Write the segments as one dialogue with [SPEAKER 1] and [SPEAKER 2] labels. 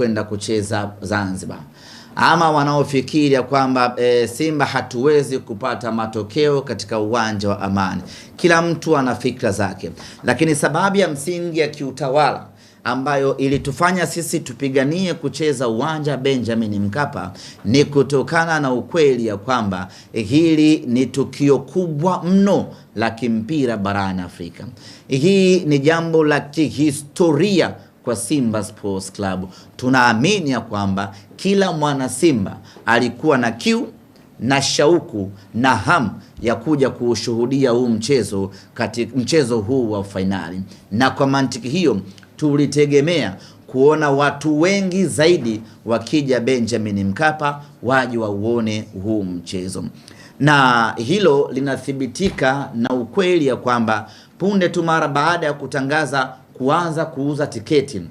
[SPEAKER 1] kwenda kucheza Zanzibar, ama wanaofikiria kwamba e, Simba hatuwezi kupata matokeo katika uwanja wa Amani. Kila mtu ana fikra zake, lakini sababu ya msingi ya kiutawala ambayo ilitufanya sisi tupiganie kucheza uwanja Benjamin Mkapa ni kutokana na ukweli ya kwamba e, hili ni tukio kubwa mno la kimpira barani Afrika. Hii ni jambo la kihistoria kwa Simba Sports Club. Tunaamini ya kwamba kila mwana Simba alikuwa na kiu na shauku na hamu ya kuja kuushuhudia huu mchezo kati mchezo huu wa fainali, na kwa mantiki hiyo tulitegemea kuona watu wengi zaidi wakija Benjamin Mkapa waje wauone huu mchezo, na hilo linathibitika na ukweli ya kwamba punde tu mara baada ya kutangaza kuanza kuuza tiketi.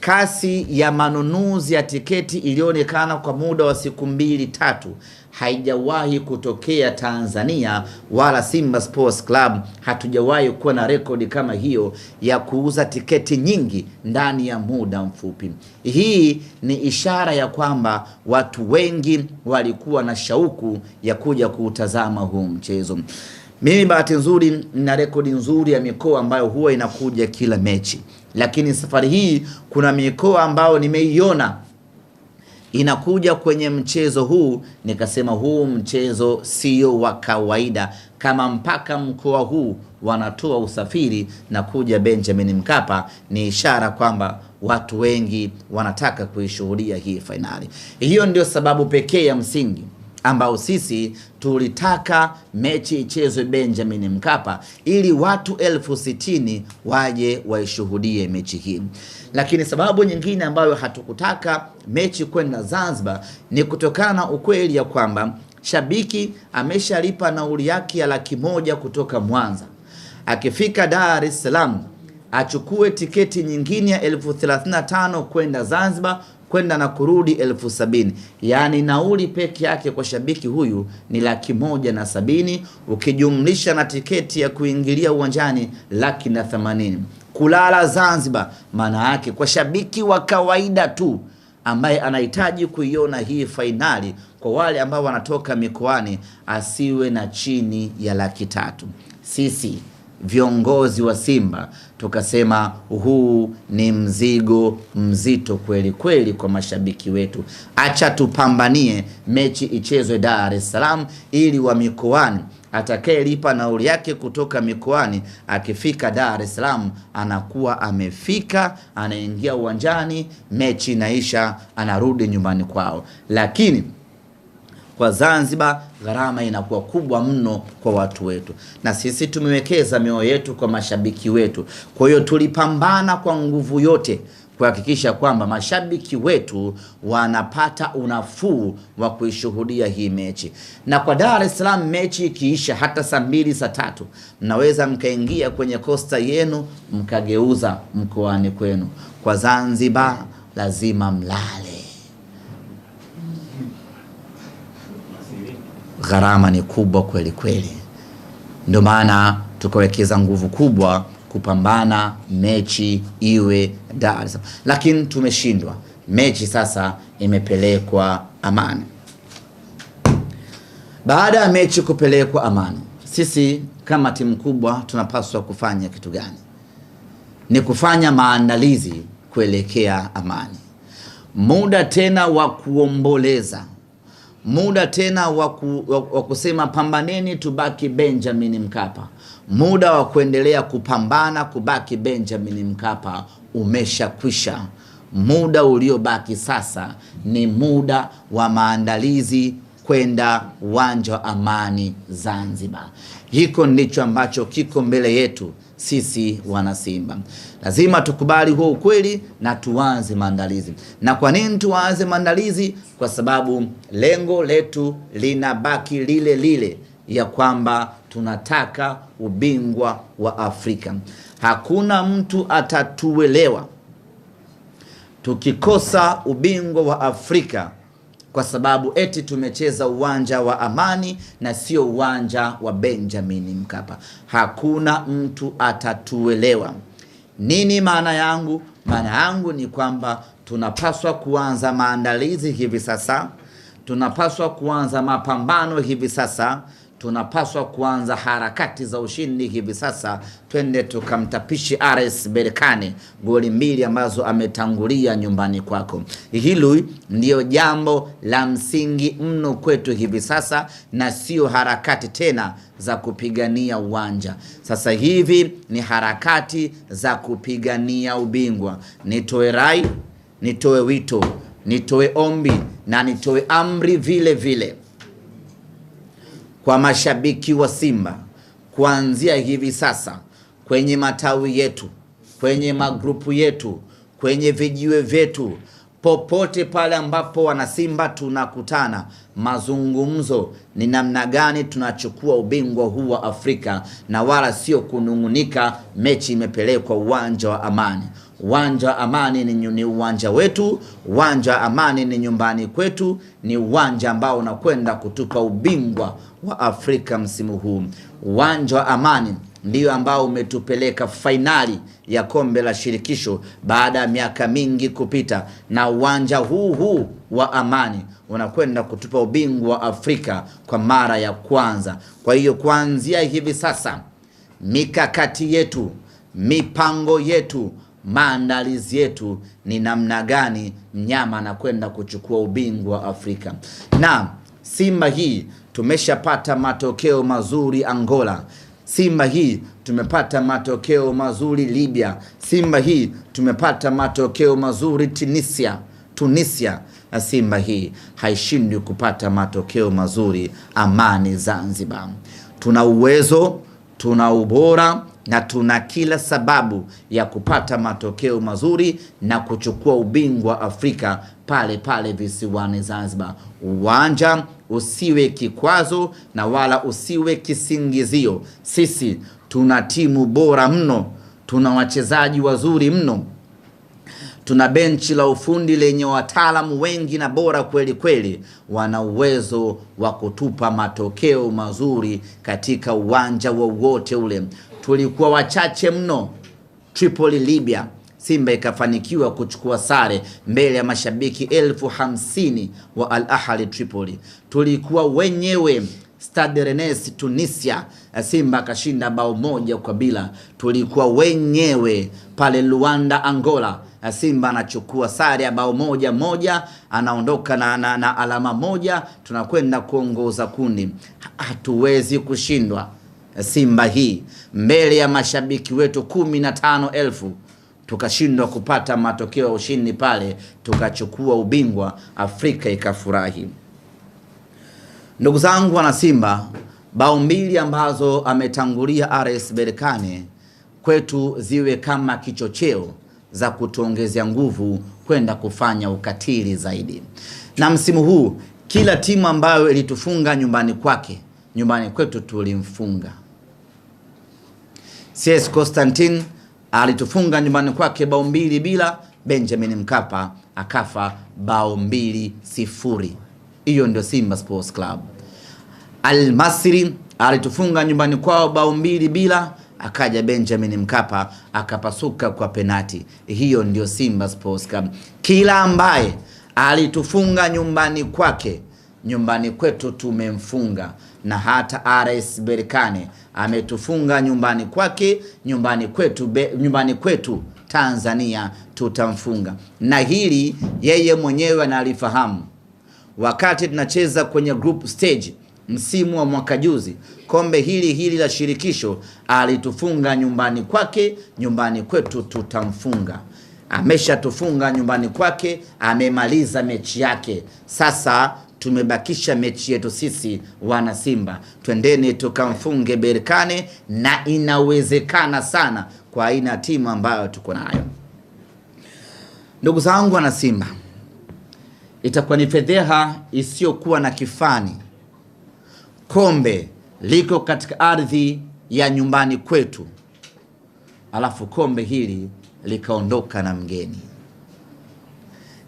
[SPEAKER 1] Kasi ya manunuzi ya tiketi iliyoonekana kwa muda wa siku mbili tatu haijawahi kutokea Tanzania, wala Simba Sports Club hatujawahi kuwa na rekodi kama hiyo ya kuuza tiketi nyingi ndani ya muda mfupi. Hii ni ishara ya kwamba watu wengi walikuwa na shauku ya kuja kuutazama huu mchezo. Mimi bahati nzuri na rekodi nzuri ya mikoa ambayo huwa inakuja kila mechi, lakini safari hii kuna mikoa ambayo nimeiona inakuja kwenye mchezo huu, nikasema huu mchezo sio wa kawaida, kama mpaka mkoa huu wanatoa usafiri na kuja Benjamin Mkapa, ni ishara kwamba watu wengi wanataka kuishuhudia hii fainali. Hiyo ndio sababu pekee ya msingi ambao sisi tulitaka mechi ichezwe Benjamin Mkapa ili watu elfu sitini waje waishuhudie mechi hii. Lakini sababu nyingine ambayo hatukutaka mechi kwenda Zanzibar ni kutokana na ukweli ya kwamba shabiki ameshalipa nauli yake ya laki moja kutoka Mwanza, akifika Dar es Salaam achukue tiketi nyingine ya elfu thelathini na tano kwenda Zanzibar kwenda na kurudi elfu sabini yaani nauli peke yake kwa shabiki huyu ni laki moja na sabini ukijumlisha na tiketi ya kuingilia uwanjani laki na themanini kulala Zanzibar. Maana yake kwa shabiki wa kawaida tu ambaye anahitaji kuiona hii fainali, kwa wale ambao wanatoka mikoani, asiwe na chini ya laki tatu. Sisi viongozi wa Simba tukasema huu ni mzigo mzito kweli kweli kwa mashabiki wetu. Acha tupambanie mechi ichezwe Dar es Salaam, ili wa mikoani atakayelipa nauli yake kutoka mikoani akifika Dar es Salaam anakuwa amefika, anaingia uwanjani, mechi inaisha, anarudi nyumbani kwao, lakini kwa Zanzibar, gharama inakuwa kubwa mno kwa watu wetu, na sisi tumewekeza mioyo yetu kwa mashabiki wetu. Kwa hiyo tulipambana kwa nguvu yote kuhakikisha kwamba mashabiki wetu wanapata unafuu wa kuishuhudia hii mechi. Na kwa Dar es Salaam mechi ikiisha hata saa mbili saa tatu mnaweza mkaingia kwenye kosta yenu mkageuza mkoani kwenu. Kwa Zanzibar lazima mlale. gharama ni kubwa kweli kweli, ndio maana tukawekeza nguvu kubwa kupambana mechi iwe Dar es Salaam, lakini tumeshindwa. Mechi sasa imepelekwa Amani. Baada ya mechi kupelekwa Amani, sisi kama timu kubwa tunapaswa kufanya kitu gani? Ni kufanya maandalizi kuelekea Amani, muda tena wa kuomboleza muda tena wa kusema pambaneni tubaki Benjamin Mkapa, muda wa kuendelea kupambana kubaki Benjamin Mkapa umeshakwisha. Muda uliobaki sasa ni muda wa maandalizi kwenda uwanja wa Amani Zanzibar. Hiko ndicho ambacho kiko mbele yetu sisi wanasimba lazima tukubali huo ukweli na tuanze maandalizi. Na kwa nini tuanze maandalizi? Kwa sababu lengo letu linabaki lile lile, ya kwamba tunataka ubingwa wa Afrika. Hakuna mtu atatuelewa tukikosa ubingwa wa Afrika kwa sababu eti tumecheza uwanja wa Amani na sio uwanja wa Benjamin Mkapa. Hakuna mtu atatuelewa. Nini maana yangu? Maana yangu ni kwamba tunapaswa kuanza maandalizi hivi sasa, tunapaswa kuanza mapambano hivi sasa tunapaswa kuanza harakati za ushindi hivi sasa, twende tukamtapishi RS Berkane goli mbili ambazo ametangulia nyumbani kwako. Hilo ndiyo jambo la msingi mno kwetu hivi sasa, na sio harakati tena za kupigania uwanja. Sasa hivi ni harakati za kupigania ubingwa. Nitoe rai, nitoe wito, nitoe ombi na nitoe amri vile vile kwa mashabiki wa Simba kuanzia hivi sasa, kwenye matawi yetu, kwenye magrupu yetu, kwenye vijiwe vyetu, popote pale ambapo wanasimba tunakutana, mazungumzo ni namna gani tunachukua ubingwa huu wa Afrika, na wala sio kunung'unika, mechi imepelekwa uwanja wa Amani. Uwanja wa Amani ni, ni uwanja wetu. Uwanja wa Amani ni nyumbani kwetu, ni uwanja ambao unakwenda kutupa ubingwa wa Afrika msimu huu. Uwanja wa Amani ndiyo ambao umetupeleka fainali ya kombe la shirikisho baada ya miaka mingi kupita, na uwanja huu huu wa Amani unakwenda kutupa ubingwa wa Afrika kwa mara ya kwanza. Kwa hiyo kuanzia hivi sasa mikakati yetu, mipango yetu maandalizi yetu ni namna gani mnyama anakwenda kuchukua ubingwa Afrika. Na Simba hii tumeshapata matokeo mazuri Angola. Simba hii tumepata matokeo mazuri Libya. Simba hii tumepata matokeo mazuri Tunisia. Tunisia na Simba hii haishindwi kupata matokeo mazuri Amani Zanzibar. Tuna uwezo, tuna ubora na tuna kila sababu ya kupata matokeo mazuri na kuchukua ubingwa Afrika pale pale visiwani Zanzibar. Uwanja usiwe kikwazo na wala usiwe kisingizio. Sisi tuna timu bora mno, tuna wachezaji wazuri mno, tuna benchi la ufundi lenye wataalamu wengi na bora kweli kweli, wana uwezo wa kutupa matokeo mazuri katika uwanja wowote ule tulikuwa wachache mno Tripoli, Libya. Simba ikafanikiwa kuchukua sare mbele ya mashabiki elfu hamsini wa Al Ahli Tripoli. Tulikuwa wenyewe Stade Rennes Tunisia, Simba akashinda bao moja kwa bila. Tulikuwa wenyewe pale Luanda Angola, Simba anachukua sare ya bao moja moja, anaondoka na, na, na alama moja. Tunakwenda kuongoza kundi, hatuwezi kushindwa. Simba hii mbele ya mashabiki wetu kumi na tano elfu tukashindwa kupata matokeo ya ushindi pale, tukachukua ubingwa, Afrika ikafurahi. Ndugu zangu wana Simba, bao mbili ambazo ametangulia RS Berkane kwetu ziwe kama kichocheo za kutuongezea nguvu kwenda kufanya ukatili zaidi. Na msimu huu kila timu ambayo ilitufunga nyumbani kwake, nyumbani kwetu tulimfunga. CS Constantine alitufunga nyumbani kwake bao mbili bila, Benjamin Mkapa akafa bao mbili sifuri. Hiyo ndio Simba Sports Club. Al-Masri alitufunga nyumbani kwao bao mbili bila, akaja Benjamin Mkapa akapasuka kwa penati. Hiyo ndio Simba Sports Club. Kila ambaye alitufunga nyumbani kwake, nyumbani kwetu tumemfunga na hata RS Berkane ametufunga nyumbani kwake, nyumbani kwetu, be, nyumbani kwetu Tanzania tutamfunga, na hili yeye mwenyewe analifahamu. Wakati tunacheza kwenye group stage msimu wa mwaka juzi, kombe hili hili la shirikisho, alitufunga nyumbani kwake, nyumbani kwetu tutamfunga. Ameshatufunga nyumbani kwake, amemaliza mechi yake sasa tumebakisha mechi yetu sisi wana Simba, twendeni tukamfunge Berkane, na inawezekana sana kwa aina ya timu ambayo tuko nayo. Ndugu zangu wana Simba, itakuwa ni fedheha isiyokuwa na kifani. Kombe liko katika ardhi ya nyumbani kwetu, alafu kombe hili likaondoka na mgeni.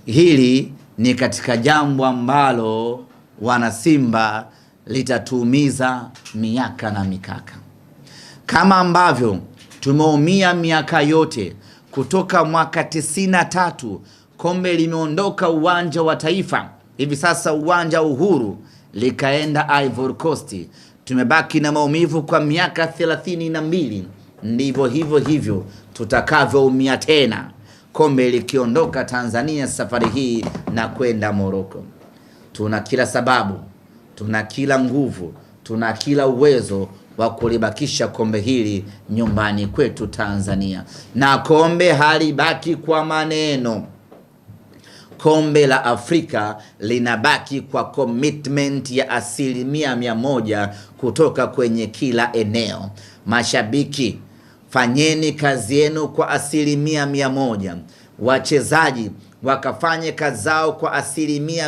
[SPEAKER 1] Hili ni katika jambo ambalo wanasimba litatuumiza miaka na mikaka, kama ambavyo tumeumia miaka yote kutoka mwaka tisini na tatu kombe limeondoka uwanja wa Taifa, hivi sasa uwanja Uhuru, likaenda Ivory Coast. Tumebaki na maumivu kwa miaka thelathini na mbili. Ndivyo hivyo hivyo tutakavyoumia tena kombe likiondoka Tanzania safari hii na kwenda Morocco. Tuna kila sababu, tuna kila nguvu, tuna kila uwezo wa kulibakisha kombe hili nyumbani kwetu Tanzania, na kombe halibaki kwa maneno. Kombe la Afrika linabaki kwa commitment ya asilimia mia moja kutoka kwenye kila eneo, mashabiki fanyeni kazi yenu kwa asilimia mia moja, wachezaji wakafanye kazi zao kwa asilimia